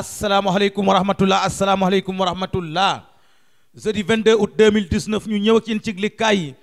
asalaamaaleykum wa rahmatullah asalaamaaleykum wa rahmatullah jeudi 22 août 2019 ñu ñëw ak yéen ci yëglikaay yi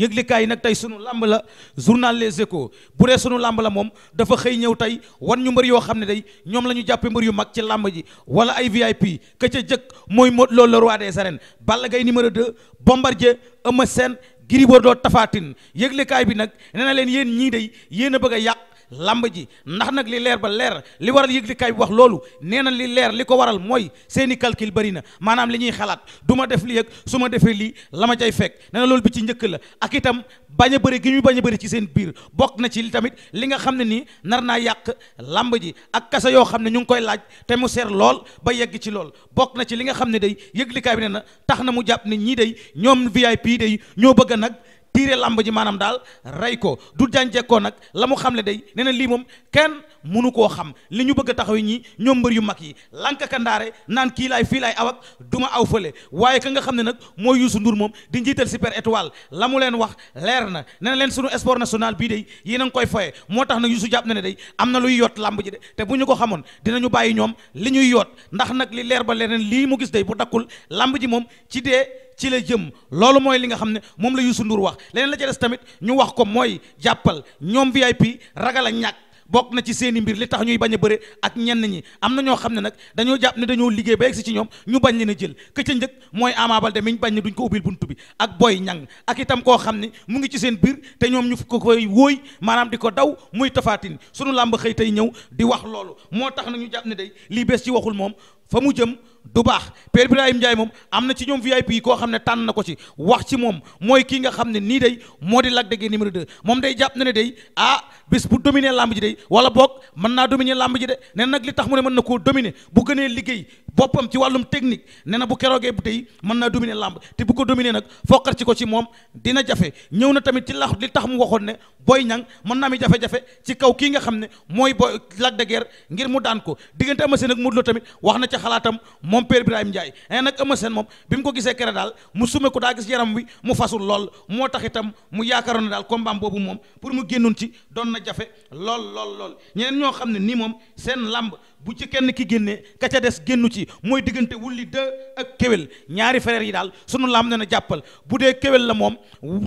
yëglikaay yi nag tey sunu làmb la journal Les Échos bu dee sunu làmb la moom dafa xëy ñëw tey wan ñu mbër yoo xam ne day ñoom la ñu jàppe mbër yu mag ci làmb ji wala ay VIP ka ca jëkk mooy Modou Lo le roi des arènes Balla Gaye numéro 2 Bombardier Eumeu Sène Gris Bordeaux Tapha Tine bi nag nee na leen yéen ñii day yéen a bëgg a yàq làmb ji ndax nag li leer ba leer li waral yëglikaay bi wax loolu nee na li leer li ko waral mooy seeni calcul bëri na maanaam li ñuy xalaat du ma def li ak su ma defee lii la cay fekk nee na loolu bi ci njëkk la ak itam bañ a bëri gi ñu bañ a bëri ci seen biir bokk na ci li tamit li nga xam ne nii nar naa yàq làmb ji ak kasa yoo xam ne ñu ngi koy laaj te mu seer lool ba yegg ci lool bokk na ci li nga xam ne day yëglikaay bi nee na tax na mu jàpp ne ñii day ñoom VIP day ñoo bëgg nag tiire lamb ji maanaam daal rey ko du jànjekkoo nag la mu xam ne day nee na lii moom kenn munu koo xam li ñu bëgg a taxaw ñi ñoom mbër yu mag yi lank kandaare naan kii laay fii laay awak du ma aw fële waaye ka nga xam ne nag mooy Youssou Ndour moom di njiital super étoile la mu leen wax leer na nee leen sunu sport national bii day yéen a ngi koy foye moo tax nag Youssou jàpp na ne day am na luy yoot lamb ji de te bu ñu ko xamoon dinañu bàyyi ñoom li ñuy yoot ndax nag li leer ba leneen lii mu gis day bu dakkul lamb ji moom ci dee ci la jëm loolu mooy li nga xam ne moom la Youssou Ndour wax leneen la ca des tamit ñu wax ko mooy jàppal ñoom VIP ragal a ñàkk bokk na ci seen i mbir li tax ñuy bañ a bëre ak ñenn ñi am na ñoo xam ne nag dañoo jàpp ne dañoo liggéey ba egsi ci ñoom ñu bañ leen jël ka ca njëkk mooy Ama Baldé miñ bañ ne duñ ko ubbil bunt bi ak Boy ñan ak itam koo xam ne mu ngi ci seen biir te ñoom ñu ko koy wóoy maanaam di ko daw muy tafaatin sunu làmb xëy tey ñëw di wax loolu moo tax na ñu jàpp ne day lii bees ci waxul moom fa mu jëm du baax Père Ibrahima Ndiaye moom am na ci ñoom VIP yi koo xam ne tànn na ko ci wax ci moom mooy kii nga xam ne nii day moo di Lac de Guiers numéro moom day jàpp na ne day ah bis bu dominer làmb ji de wala boog mën naa dominer làmb ji de nee nag li tax mu ne mën na koo dominer bu gënee liggéey boppam ci wàllum technique nee na bu keroogee bu tey mën naa dominer làmb te bu ko dominer nag foqar ci ko ci moom dina jafe ñëw na tamit ci lax li tax mu waxoon ne booy Niang mën naa mi jafe-jafe ci kaw kii nga xam ne mooy Boy Lac de ngir mu daan ko diggante Eumeu Sène ak Modou Lô tamit wax na ca xalaatam moom Père Ibrahima Ndiaye nee nag Eumeu Sène moom bi mu ko gisee kere daal mu sume ko yaram wi mu fasul lool moo tax itam mu yaakaaroon daal combat boobu moom pour mu na jafe lool lool lool ñeneen ñoo xam ne ni moom seen làmb bu ci kenn ki génnee ka ca des génnu ci mooy diggante wulli de ak kéwél ñaari frères yi daal sunu làmb ne jàppal bu dee kéwél la moom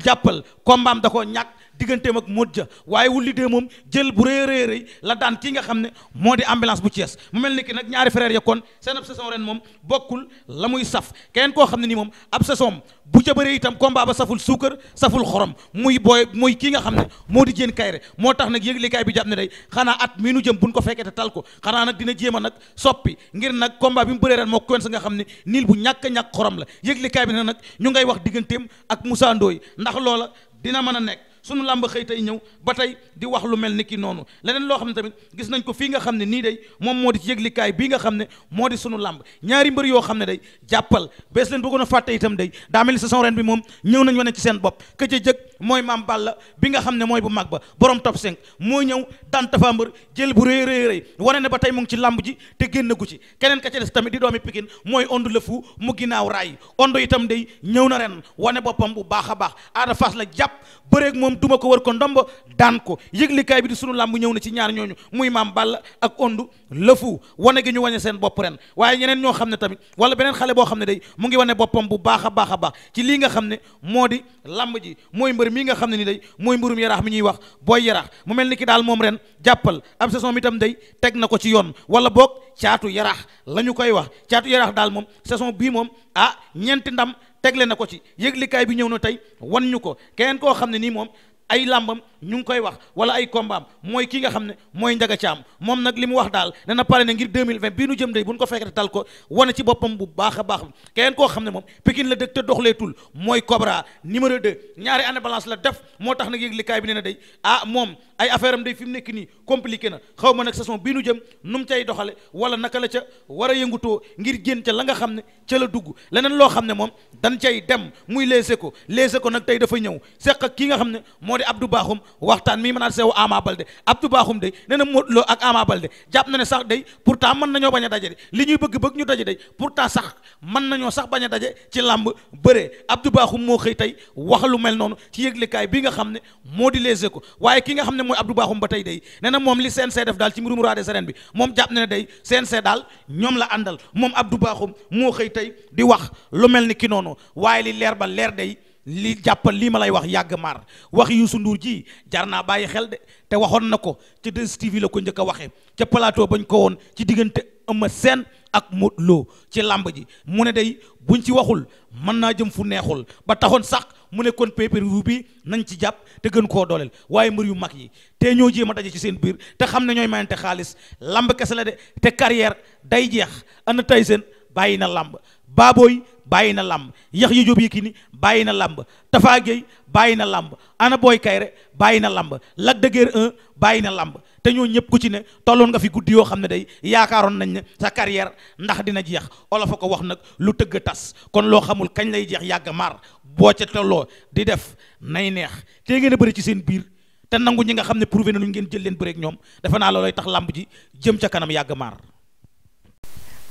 jàppal kombaam da koo ñàkk digganteem ak móot ja waaye wulli dee moom jël bu rëy rëy la daan kii nga xam ne moo di ambulance bu Thiès mu mel ni ki nag ñaari frères ya kon seen ab saison ren moom bokkul la muy saf keneen koo xam ne nii moom ab saison bu ca bëree itam combat ba saful suukar saful xorom muy booy muy kii nga xam ne moo di jéen kayre moo tax nag yëglikaay bi jàpp ne day xanaa at mii nu jëm buñ ko fekkee te tal ko xanaa nag dina jéem nag soppi ngir nag combat bi mu bëree moo kuwen sa nga xam ne niil bu ñàkk a ñàkk xorom la yëglikaay bi ne nag ñu ngay wax digganteem ak musaandooy ndax loola dina mën a nekk sunu làmb xëy tey ñëw ba tey di wax lu mel ni ki noonu leneen loo xam ne tamit gis nañ ko fii nga xam ne nii day moom moo di ci yëglikaay bii nga xam ne moo di sunu làmb ñaari mbër yoo xam ne day jàppal bees leen bëggoon a fàtte itam day daa mel sa saison bi moom ñëw nañ wane ci seen bopp ka ca jëkk mooy maam Balla bi nga xam ne mooy bu mag ba borom top 5 moo ñëw daan Tapha Mbeur jël bu rëy rëy rëy wane ne ba tey mu ngi ci làmb ji te génnagu ci keneen ka ca des tamit di doomi Pikine mooy Onde le Fou mu ginnaaw raay Onde itam day ñëw na ren wane boppam bu baax a baax Ada Fass la jàpp bëreeg moom duma ko wër ko ndomba daan ko yëglikaay bi di sunu làmb ñëw na ci ñaar ñooñu muy maam Balla ak Onde le Fou wane gi ñu wane seen bopp ren waaye ñeneen ñoo xam ne tamit wala beneen xale boo xam ne day mu ngi wane boppam bu baax a baax a baax ci lii nga xam ne moo di làmb ji mooy mbër mii nga xam ne ni day mooy mbërum yaraax mi ñuy wax booy yaraax mu mel ni ki daal moom ren jàppal ab saison mi tam day teg na ko ci yoon wala boog caatu yaraax la ñu koy wax caatu yarax daal moom saison bii moom ah ñeenti ndam tegle na ko ci yëglikaay bi ñëw na tey wan ñu ko keneen koo xam ne nii moom ay làmbam ñu ngi koy wax wala ay kombaam mooy kii nga xam ne mooy njaga caam moom nag li mu wax daal ne na pare ne ngir 2020 bii nu jëm day buñ ko fekkete tal ko wane ci boppam bu baax a baax keneen koo xam ne moom Pikine la dëkk te doxleetul mooy Cobra numéro 2 ñaari année balance la def moo tax nag yëg likaay bi ne na day ah moom ay affaire am day fi nekk nii compliqué na xaw ma nag saison bii nu jëm nu mu cay doxale wala naka la ca war a yëngutoo ngir génn ca la nga xam ne ca la dugg leneen loo xam ne moom dañ cay dem muy Les ko Les Échos nag tey dafa ñëw seq ak kii nga xam ne moo di Abdou Bakhoum waxtaan mii mën a sew Ama Baldé Abdou Bakhoum day nee na Modou Lo ak Ama Baldé jàpp na ne sax day pourtant mën nañoo bañ a daje li ñuy bëgg-bëgg ñu daje day pourtant sax mën nañoo sax bañ a daje ci làmb bëree Abdou Bakhoum tey wax mel noonu ci yëglekaay bi nga xam ne moo di Les Échos waaye ki nga xam ne mooy Abdou Bakhoum ba tey day nee na moom li CNC def daal ci mbirum roi des bi moom jàpp na ne day CNC daal ñoom la àndal moom Abdou Bakhoum moo xëy tey di wax lu mel ni ki noonu waaye li leer ba leer day li jàppal lii ma lay wax yàgg maar wax Youssou Ndour ji jar naa bàyyi xel de te waxoon na ko ci 2STV la ko njëkk a waxee ca plateau bañ ko woon ci diggante Eumeu Sène ak mu Lo ci làmb ji mu ne day buñ ci waxul mën naa jëm fu neexul ba taxoon sax mu ne kon pay-per-view bi nañ ci jàpp te gën koo dooleel waaye mbër yu mag yi te ñoo jéem a daje ci seen biir te xam ne ñooy mayante xaalis làmb kese la de te carrière day jeex ana seen bàyyi na làmb baabooy bàyyi na làmb yax ya jóob ni bàyyi na làmb Tafa Gueye bàyyi na làmb ana booy kayre bàyyi na làmb lag de Guiers bàyyi na làmb te ñoo ñëpp ku ci ne tolloon nga fi guddi yoo xam ne day yaakaaroon nañ ne sa carrière ndax dina jeex olof a ko wax nag lu tëgg a tas kon loo xamul kañ lay jeex yàgg maar boo ca tolloo di def nay neex te ngeen a ci seen biir te nangu ñi nga xam ne prouvé nañu ngeen jël leen bëreek ñoom defe naa loolooy tax làmb ji jëm ca kanam yàgg maar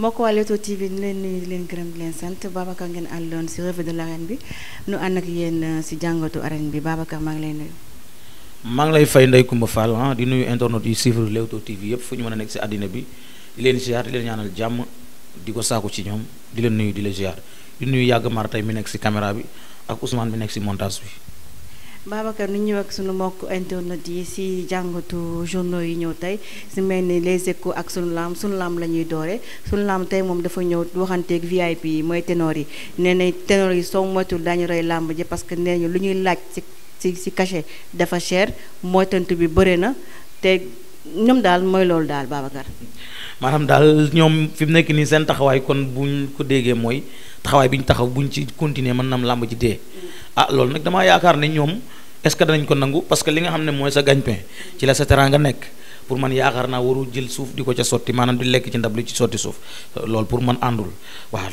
mbokk waa Leewtoo TV ñu leen nuyu di leen gërëm di leen sant Babacar ngeen àndoon ci revue de l'arène bi nu ànd ak yéen euh, ci jàngatu arène bi Babacar maa ngi lay nuyu. maa ngi lay fay Ndeye Coumba Fall ah di nuyu internet yi suivre Leewtoo TV yëpp fu ñu mën a nekk ci àddina bi di leen ziar di leen ñaanal jàmm di ko saaku ci ñoom di leen nuyu di la ziar di nuyu yàgg mar tey mi nekk ci caméra bi ak Ousmane bi nekk ci montage bi. Babacar nu ñëw ak sunu mbokk internet yi si jàngatu journaux yi ñëw tey si mel ni les échos ak sunu laam sunu laam la ñuy doore sunu laam tey moom dafa ñëw waxanteeg VIP yi mooy ténor yi nee na ténor yi soo moytul daañu rey làmb ji parce que nee ñu lu ñuy laaj si si si cachet dafa cher moytantu bi bëre na te ñoom daal mooy loolu daal Babacar. maanaam daal ñoom fi mu nekk nii seen taxawaay kon buñ ko déggee mooy taxawaay bi ñu taxaw buñ ci continuer mën na am làmb ji dee. Mm. ah loolu nag damaa yaakaar ne ñoom. est-ce que danañ ko nangu parce que li nga xam ne mooy sa gagne-pain ci la sa teraanga nekk pour man yaakaar naa waru jël suuf di ko ca sotti maanaam di lekk ci ndab li ci sotti suuf loolu pour man àndul waaw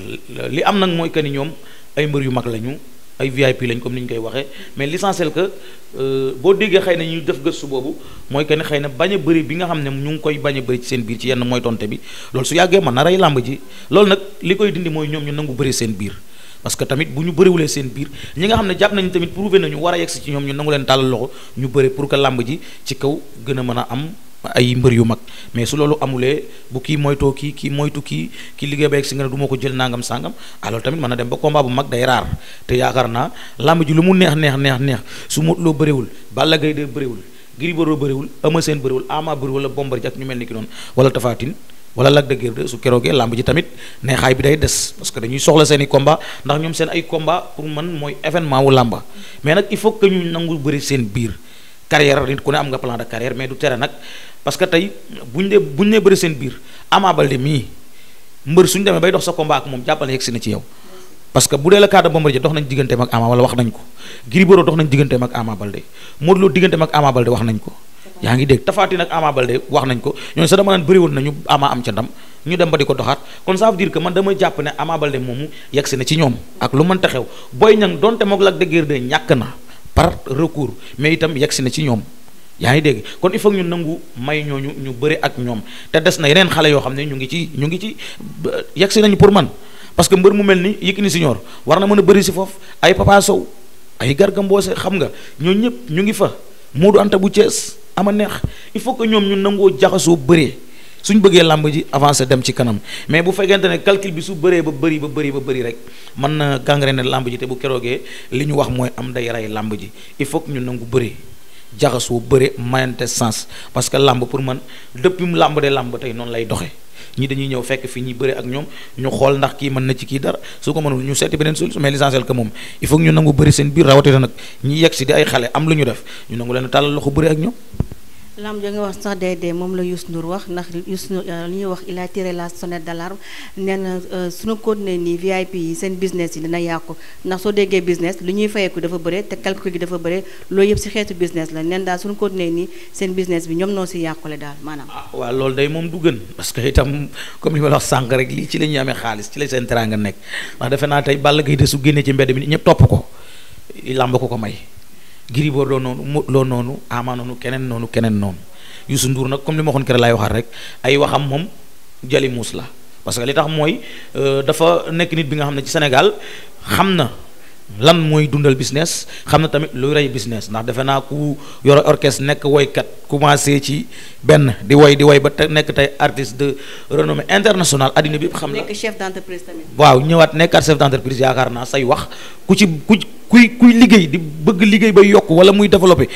li am nag mooy que ni ñoom ay mbër yu mag lañu ay VIP lañ comme ni ñu koy waxee mais l'essentiel que euh, boo déggee xëy na ñu def gëstu boobu mooy que ne xëy na bañ a bëri bi nga xam ne ñu ngi koy bañ a bëri seen biir ci yenn mooy tonte bi loolu su yàggee mën na rey làmb ji loolu nag li koy dindi mooy ñoom ñu nangu bëri seen biir parce que tamit bu ñu bëriwulee seen biir ñi nga xam ne jàpp nañu tamit prouvé nañu war a yegsi ci ñoom ñu nangu leen tàllal loxo ñu bëri pour que làmb ji ci kaw gën a mën a am ay mbër yu mag mais su loolu amulee bu ki moytoo kii kii moytu kii kii liggéey ba yegsi nga ne duma ko jël nangam sàngam alors ah tamit mën na dem ba combat bu mag day raar te yaakaar naa làmb ji lu mu neex neex neex neex su Modou Lo bëriwul Balla Gaye de bëriwul Gris Bordeaux bëriwul Eumeu Sène bëriwul Ama bëriwul la Bombardier ak ñu mel ni ki noonu wala Tapha Tine wala Lac de Guiers su keroogee lamb ji tamit neexaay bi day des parce que dañuy soxla seen i combat ndax ñoom seen ay combat pour man mooy événement wu làmba mais nag il faut que ñu nangu bëri seen biir carrière nit ku ne am nga plan de mais du tere nag parce que tey buñ dee buñ ne seen biir Ama Baldé mii mbër suñu demee bay dox sa combat ak moom jàppale yegg si na ci yow parce que bu dee la cadre Bombardier dox nañ digganteem ak Ama wala wax nañ ko Gris Bordeaux dox nañ digganteem ak Ama Baldé Modou Lô digganteem wax nañ ko yaa ngi dégg tafaati nag Ama Baldé wax nañ ko ñooñu sa dama naan bëriwoon nañu Ama am ca ndam ñu dem ba di ko doxaat kon ça veut dire que man dama jàpp ne Ama Baldé moomu yegg si na ci ñoom ak lu mënta xew booy Niang donte moog Lac de Guiers ñàkk na par recours mais itam yegg si na ci ñoom yaa ngi dégg kon il faut ñu nangu may ñooñu ñu bëri ak ñoom te des na yeneen xale yoo xam ne ñu ngi ci ñu ngi ci yegg si nañu pour man parce que mbër mu mel ni Yékini Senior war na mën a bëri si foofu ay Papa Sow ay Garga Mbossé xam nga ñooñ ñëpp ñu ngi fa Modou Anta bu Thiès ama neex il faut que ñoom ñu nangoo jaxasoo bëree suñ bëggee làmb ji avance dem ci kanam mais bu fekkente ne calcul bi su bëree ba bëri ba bëri ba bëri rek mën na gangrène làmb ji te bu keroogee li ñu wax mooy am day rey làmb ji il faut que ñu nangu bëri jaxasoo bëri mayante sens parce que làmb pour man depuis làmb de làmb tey noonu lay doxee. ñi dañuy ñëw fekk fii ñi bëre ak ñoom ñu xool ndax kii mën na ci kii dara su ko mënul ñu seeti beneen su mais l'essentiel que moom il faut que ñu nangu bëri seen biir rawatina nag ñi yegg si di ay xale am lu ñu def ñu nangu leen tàllal loxo bëri ak ñoom Lam ja nga wax sax day dee moom la Youssou Ndour wax ndax Youssou Ndour euh, li ñuy wax il a tiré la sonnette d'alarme nee na euh, suñu continuer nii VIP yi seen business yi dina yàqu ndax soo déggee business li ñuy fayeeku dafa bëre te calcul gi dafa loolu yëpp si xeetu business la neen daal suñu continuer nii seen business bi ñoom noo ci yàqule daal maanaam ah waaw loolu day moom du gën parce que itam comme li ma wax sànq rek lii ci la ñuy amee xaalis ci la seen teranga nekk ndax defe naa tey Balla Gaye de su génnee ci mbedd mi ñëpp topp ko làmb ko ko may Gris Bordeaux noonu Modou Lo noonu Ama noonu keneen noonu keneen noonu Youssou Ndour nag comme li ma waxoon keroog laay waxaat rek ay waxam moom jali muus la parce que li tax mooy euh, dafa nekk nit bi nga xam ne ci senegal xam na lan mooy dundal business xam na tamit lu rey business ndax defe naa ku yor orchestre nekk woykat commencé ci benn di woy di woy ba te nekk tey artiste de renommée international addina bi xam na nekk chef waaw ñëwaat nekkaat chef d'entreprise yaakaar naa say wax ku ci kuy kuy liggéey di bëgg liggéey bay yokk wala muy développé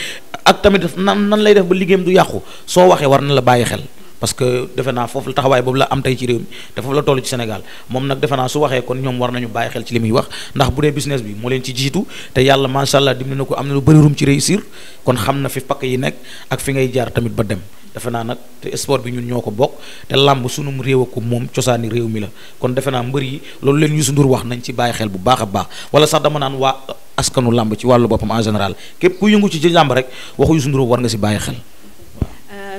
ak tamit nan nan lay def ba liggéeyam du yàqu soo waxee war na la bàyyi xel parce que defe naa foofu la taxawaay boobu la am tey ci réew mi te foofu la toll ci Sénégal moom nag defe naa su waxee kon ñoom war nañu bàyyi xel ci li muy wax ndax bu dee business bi moo leen ci jiitu te yàlla macha allah dimbali na ko am na lu bëri rum ci réussir kon xam na fi pakk yi nekk ak fi ngay jaar tamit ba dem defe naa nag te sport bi ñun ñoo ko bokk te làmb sunum réew ko moom cosaani réew mi la kon defe naa mbër yi loolu leen Youssou Ndour wax nañ ci bàyyi xel bu baax baax wala sax dama naan waa askanu làmb ci wàllu boppam général képp ku yëngu ci ci rek waxu Youssou war nga si bàyyi xel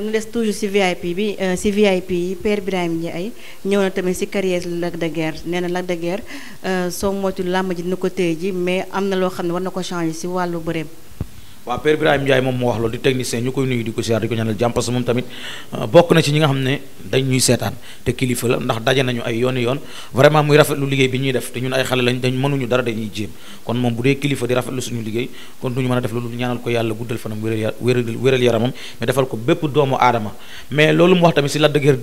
ñu des toujours ci VIP bi euh, ci VIP yi Père Birahim ay ñëw na tamit ci carrière Lac de Guiers nee na Lac de Guiers euh, soo moytu làmb ji dina ko téye ji mais am na loo xam ne war na ko changer ci wàllu bëreem. waaw Père Birahim Ndiaye moom moo wax loolu di technicien ñu koy nuyu di ko siyaar di ko ñaanal moom tamit euh, bokk na ci ñi nga xam ne dañ ñuy seetaan te kilifa la ndax daje nañu ay yooni yoon vraiment muy rafetlu liggéey bi ñuy def te ñun ay xale lañ dañ mënuñu dara dañuy jéem kon moom bu dee kilifa di rafet la suñu liggéey kon duñu mën a def loolu ñaanal ko yàlla guddal fanam wéral wéral yaramam mais defal ko bépp doomu aadama mais loolu mu wax tamit si Lac de Guiers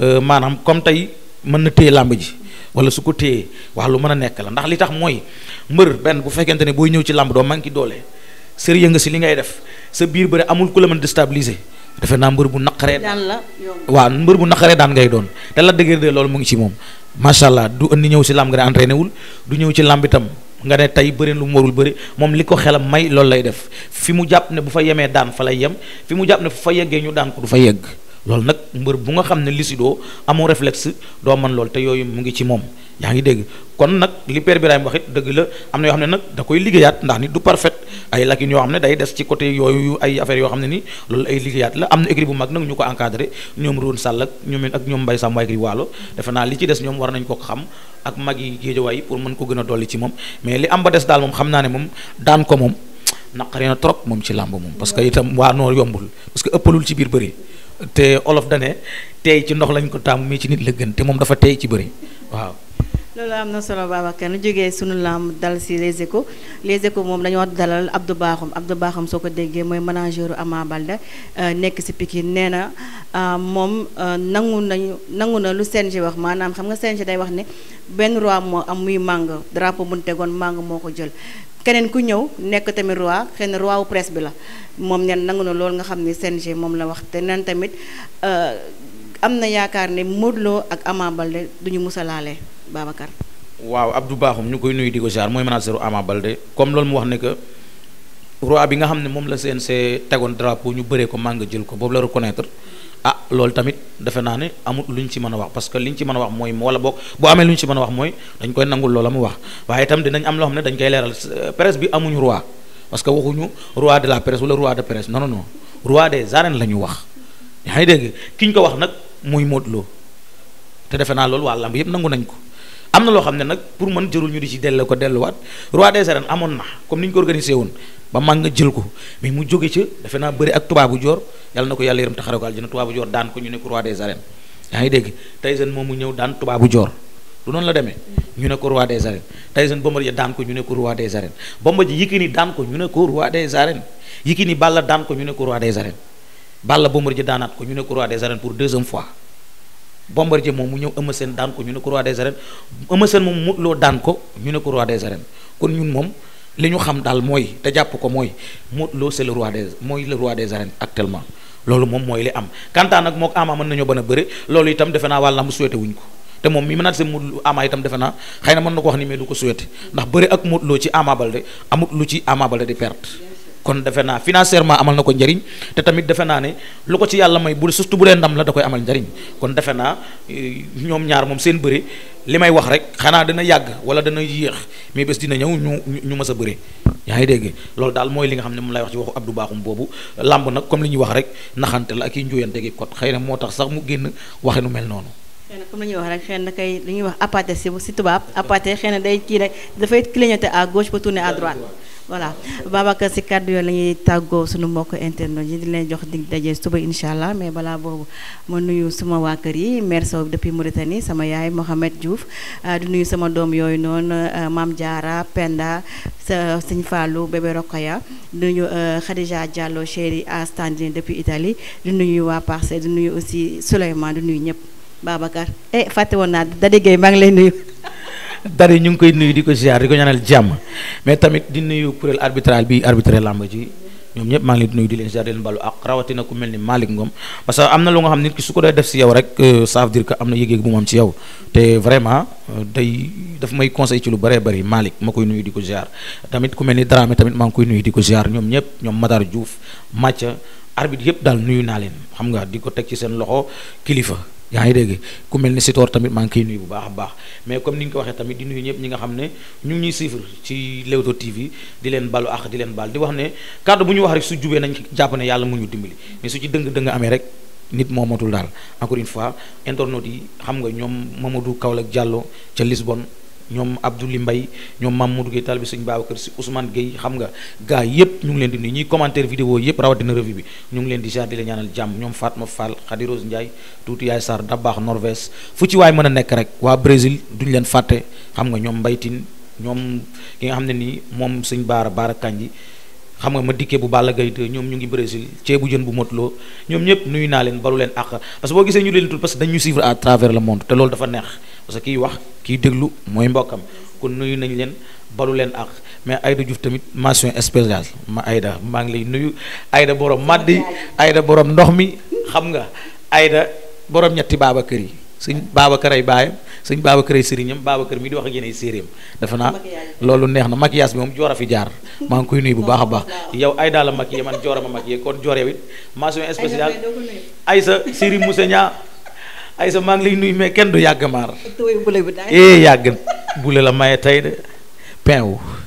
euh, maanaam comme tey mën na téye làmb ji wala su ko téyee wax lu mën a nekk la ndax li tax mooy mbër benn bu fekkente ne booy ñëw ci làmb doo manqué doole sérieux nga si li ngay def sa biir bëre amul ku la mën déstabiliser defe naa mbër bu naqaree daan la waaw mbër bu naqaree daan ngay doon te la dëgër de loolu mu ngi ci moom macha allah du indi ñëw si làmb nga ne entraîné wul du ñëw ci làmb itam nga ne tey bëri lu mu warul bëri moom li ko xelam may loolu lay def fi mu jàpp ne bu fa yemee daan fa lay yem fi mu jàpp ne fu fa yeggee ñu daan ko du fa yegg loolu nag mbër bu nga xam ne lucidoo amoo réflexe doo man loolu te yooyu mu ngi ci moom yaa ngi dégg kon nag li père Birahim wax dëgg la am na yoo ne nag da koy liggéeyaat ndax nit du parfait ay lakin yoo xam ne day des ci côté yooyu ay affaire yoo xam ne ni loolu ay liggéeyaat la am na bu mag nag ñu ko encadré ñoom Roon Sall ak ñoom ak ñoom Mbaye Samb waa Waalo defe naa li ci des ñoom war nañ ko xam ak mag yi géejawaay pour mën ko gën a dolli ci moom mais li am ba des daal moom xam naa ne moom daan ko moom naqari na trop moom ci làmb moom parce que itam waa noo yombul parce que ëppalul ci biir bëri te olof dane tey ci ndox lañ ko taamu mais ci nit la gën te moom dafa tey ci bëri waaw loolu am na solo Babacar ñu jógee sunu lamb dal si les échos les échos moom dañoo dalal Abdou Bakhoum Abdou Bakhoum soo ko déggee mooy manageru Ama balda euh, nekk si Pikine nee na euh, moom euh, nangu nañu nangu na lu CNG wax maanaam xam nga CNG day wax ne benn roi moo am muy màng drapeau mun tegoon màng moo ko jël. keneen ku ñëw nekk tamit roi xëy roi wu presse bi la moom neen nangu na loolu nga xam ne CNG moom la wax te neen tamit. am na yaakaar ne Modou Lo ak Ama Balde du ñu mus a laale Babacar. waaw Abdou Bakhoum ñu koy nuyu di ko jaar mooy manager Ama Balde comme loolu mu wax ne roi bi nga xam ne moom la CNC tegoon drapeau ñu bëree ko màng jël ko boobu la reconnaître ah loolu tamit defe naa ne amul lu ñu ci mën a wax parce que li ñu ci mën a wax mooy wala boog bu amee lu ñu ci mën a wax mooy dañ koy nangul loola mu wax waaye itam dinañ am loo xam ne dañ koy leeral euh, presse bi amuñu roi parce que waxuñu la presse wala roi la ñu wax yaa ki ñu ko wax nag. muy Modou Lo te defe naa loolu waa lamb yëpp nangu nañ ko am na loo xam ne nag pour man jërul ñu di ci delle ko delluwaat roi des arènes amoon na comme ni ñu ko organisé woon ba mag nga jël ko mais mu jóge ca defe naa bëri ak tubaabu joor yàlla na ko yàlla yërëm taxare ko aljana tubaabu joor daan ko ñu ne ko roi des arènes yaa ngi dégg mu ñëw daan tubaabu joor du noonu la demee ñu ne ko roi des arènes Tyson Bombardier daan ñu ne ko roi des arènes Bombardier Yékini daan ko ñu ne ko roi des arènes Balla Bombardier daanaat ko ñu ne ko roi des arènes pour deuxième fois Bombardier moom mu ñëw Eumeu Sène daan ko ñu ne ko roi des arènes Eumeu Sène moom Modou Lo daan ko ñu ne ko ñun moom li ñu xam daal mooy te jàpp ko mooy Modou Lo c'est le roi mooy le roi des arènes actuellement loolu moom mooy li am kantaan nag mook Ama mën nañoo bën a bëre loolu itam defe naa wàlla mu souhaité wuñ ko te moom mi mën naa seen Modou Lo Ama itam defe naa xëy na mën na ko wax ni mais du ko souhaité ndax bëre ak Modou Lo ci Ama Baldé amut lu ci Ama Baldé di perte kon defe naa financièrement amal na ko njëriñ te tamit defe naa ne lu ko ci yàlla may bu surtout bu dee ndam la da koy amal njëriñ kon defe naa euh, ñoom ñaar moom seen bëre li may wax rek xanaa dana yàgg wala dana yéex mais bés dina ñëw ñu ñu mës a bëre yaa ngi dégg loolu daal mooy li nga xam ne moom lay wax ci waxu Abdou Bakhoum boobu làmb nag comme li ñuy wax rek naxante la ak i njóoyante gi kot xëy na moo tax sax mu génn waxe nu mel noonu. xëy na comme la ñuy wax rek li voilà Babacar si kàddu yooyu la ñuy tàggoo suñu mbokk internet yi di leen jox dig daje suba incha allah mais balaa boobu ma nuyu suma waa kër yi mère Sow depuis Mauritanie sama yaay Mohamed Diouf ah, di nuyu sama doom yooyu noonu ah, Maam Diarra Penda sa Sëñ Fallou bébé Rokhaya di nuyu ah, Khadija Diallo chéri à Standine depuis itali di nuyu waa Parcelles di nuyu aussi Souleymane di nuyu ñëpp Babacar eh fàtte woon naa Dadi Gueye maa ngi lay nuyu. dari ñu ngi koy nuyu di ko ziar di ko ñaanal jàmm mais tamit di nuyu kuréel arbitral bi arbitré lamb ji ñoom ñëpp maa ngi nuyu di leen ziar di leen ak rawatina ku mel ni Malick Ngom parce que am na lu nga xam nit ki su ko dee def si yow rek euh, ça veut dire que am na yëg-yëg bu mu am ci te vraiment euh, day daf may conseil ci lu bëree bari Malick ma koy nuyu di ko ziar tamit ku mel ni Dramé tamit maa ngi koy nuyu di ko ziar ñoom ñëpp ñoom Matar Diouf Mathia arbitre yëpp daal nuyu naa leen xam nga di ko teg ci seen loxo kilifa. yaa ngi dégg ku mel ni Sitor tamit maa ngi koy nuyu bu baax a baax mais comme ni nga ko waxee tamit di nuyu ñëpp ñi nga xam ne ñu ngi ñuy suivre ci Leewtoo TV di leen balu ak di leen baal di wax ne kàddu bu ñu wax rek su jubee nañ jàpp ne yàlla mu ñu dimbali mais su ci dëng-dëng amee rek nit moo matul daal encore une fois internautes yi xam nga ñoom Mamadou Kaolack Diallo ca Lisbonne ñoom Abdoulaye mbay ñoom maam mu Mamadou Gueye taalibe Sëriñ Babacar Si Ousmane Gueye xam nga gars yépp ñu ngi leen di nuyu ñuy commentaire vidéo yépp rawatina revue bi ñu ngi leen di jaar di la ñaanal jàmm ñoom Fatma Fall Khady Rose Ndiaye tuuti Yaay Sarr Dabaax Norvège fu ci waay mën a nekk rek waa Brésil duñ leen fàtte xam nga ñoom mbaytin ñoom ki nga xam ne nii moom Sëriñ Baara Baara Kanji xam nga ma dikkee bu Balla Gaye 2 ñoom ñu ngi Brésil ceebu jën bu motuloo ñoom ñëpp nuyu naa leen balu leen àq parce que boo gisee ñu leen tudd parce que dañu suivre à travers le monde te loolu dafa neex parce que kiy wax kiy déglu mooy mbokkam kon nuyu nañu leen balu leen àq mais Aïda Diouf tamit mention spéciale ma ayda maa ngi lay nuyu Aïda borom maddi Aïda borom ndox mi xam nga ayda borom ñetti baaba kër yi suñ sëñ Babacar ay baayam sëñ Babacar ay sëriñam kër mi di wax a yéen ay séeréem dafa naa loolu neex na maquillage bi moom joor a fi jaar maa ngi koy nuy bu baax a baax yow ay daal a maquillé man joor a ma maquillé kon joor yow it mention spéciale ay sa séri Moussa Ñaa ay sa maa ngi lay nuyu mais kenn du yàgg maar eh yàgg bula la maye tey de pain